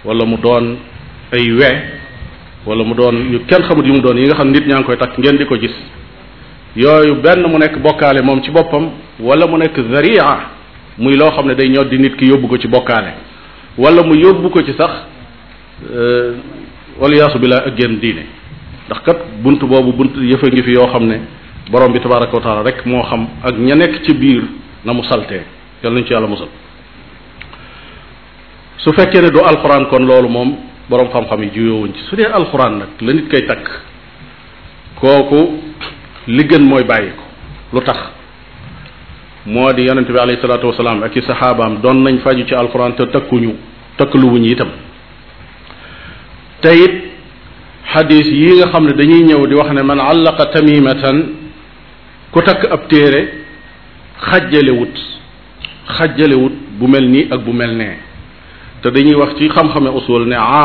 wala mu doon ay we wala mu doon yu kenn xamut yu mu doon yi nga xam nit ñaa ngi koy takk ngeen di ko gis yooyu benn mu nekk bokkaale moom ci boppam wala mu nekk zaria muy loo xam ne day ñoddi nit ki yóbbu ko ci bokkaale wala mu yóbbu ko ci sax euh, waliyaasu billah ak génn diine ndax kat bunt boobu bunt yëfa ngi fi yoo xam ne borom bi tabaraka wa taala rek moo xam ak ña nekk ci biir na mu saltee yal nañu ci yàlla musal su fekkee ne du alxuraan kon loolu moom borom xam-xam yi juyoowuñ ci su dee alxuraan nag la nit koy takk kooku li gën mooy bàyyi ko lu tax moo di yonente bi alayhi salaatu wasalaam ak i saxaabaam doon nañ faju ci alxuraan te takkuñu takkaluwuñu itam te it xadis yi nga xam ne dañuy ñëw di wax ne man àllaqa tamimatan ku takk ab téere xajjalewut xajjalewut bu mel nii ak bu mel nee te dañuy wax ci xam-xame usul ne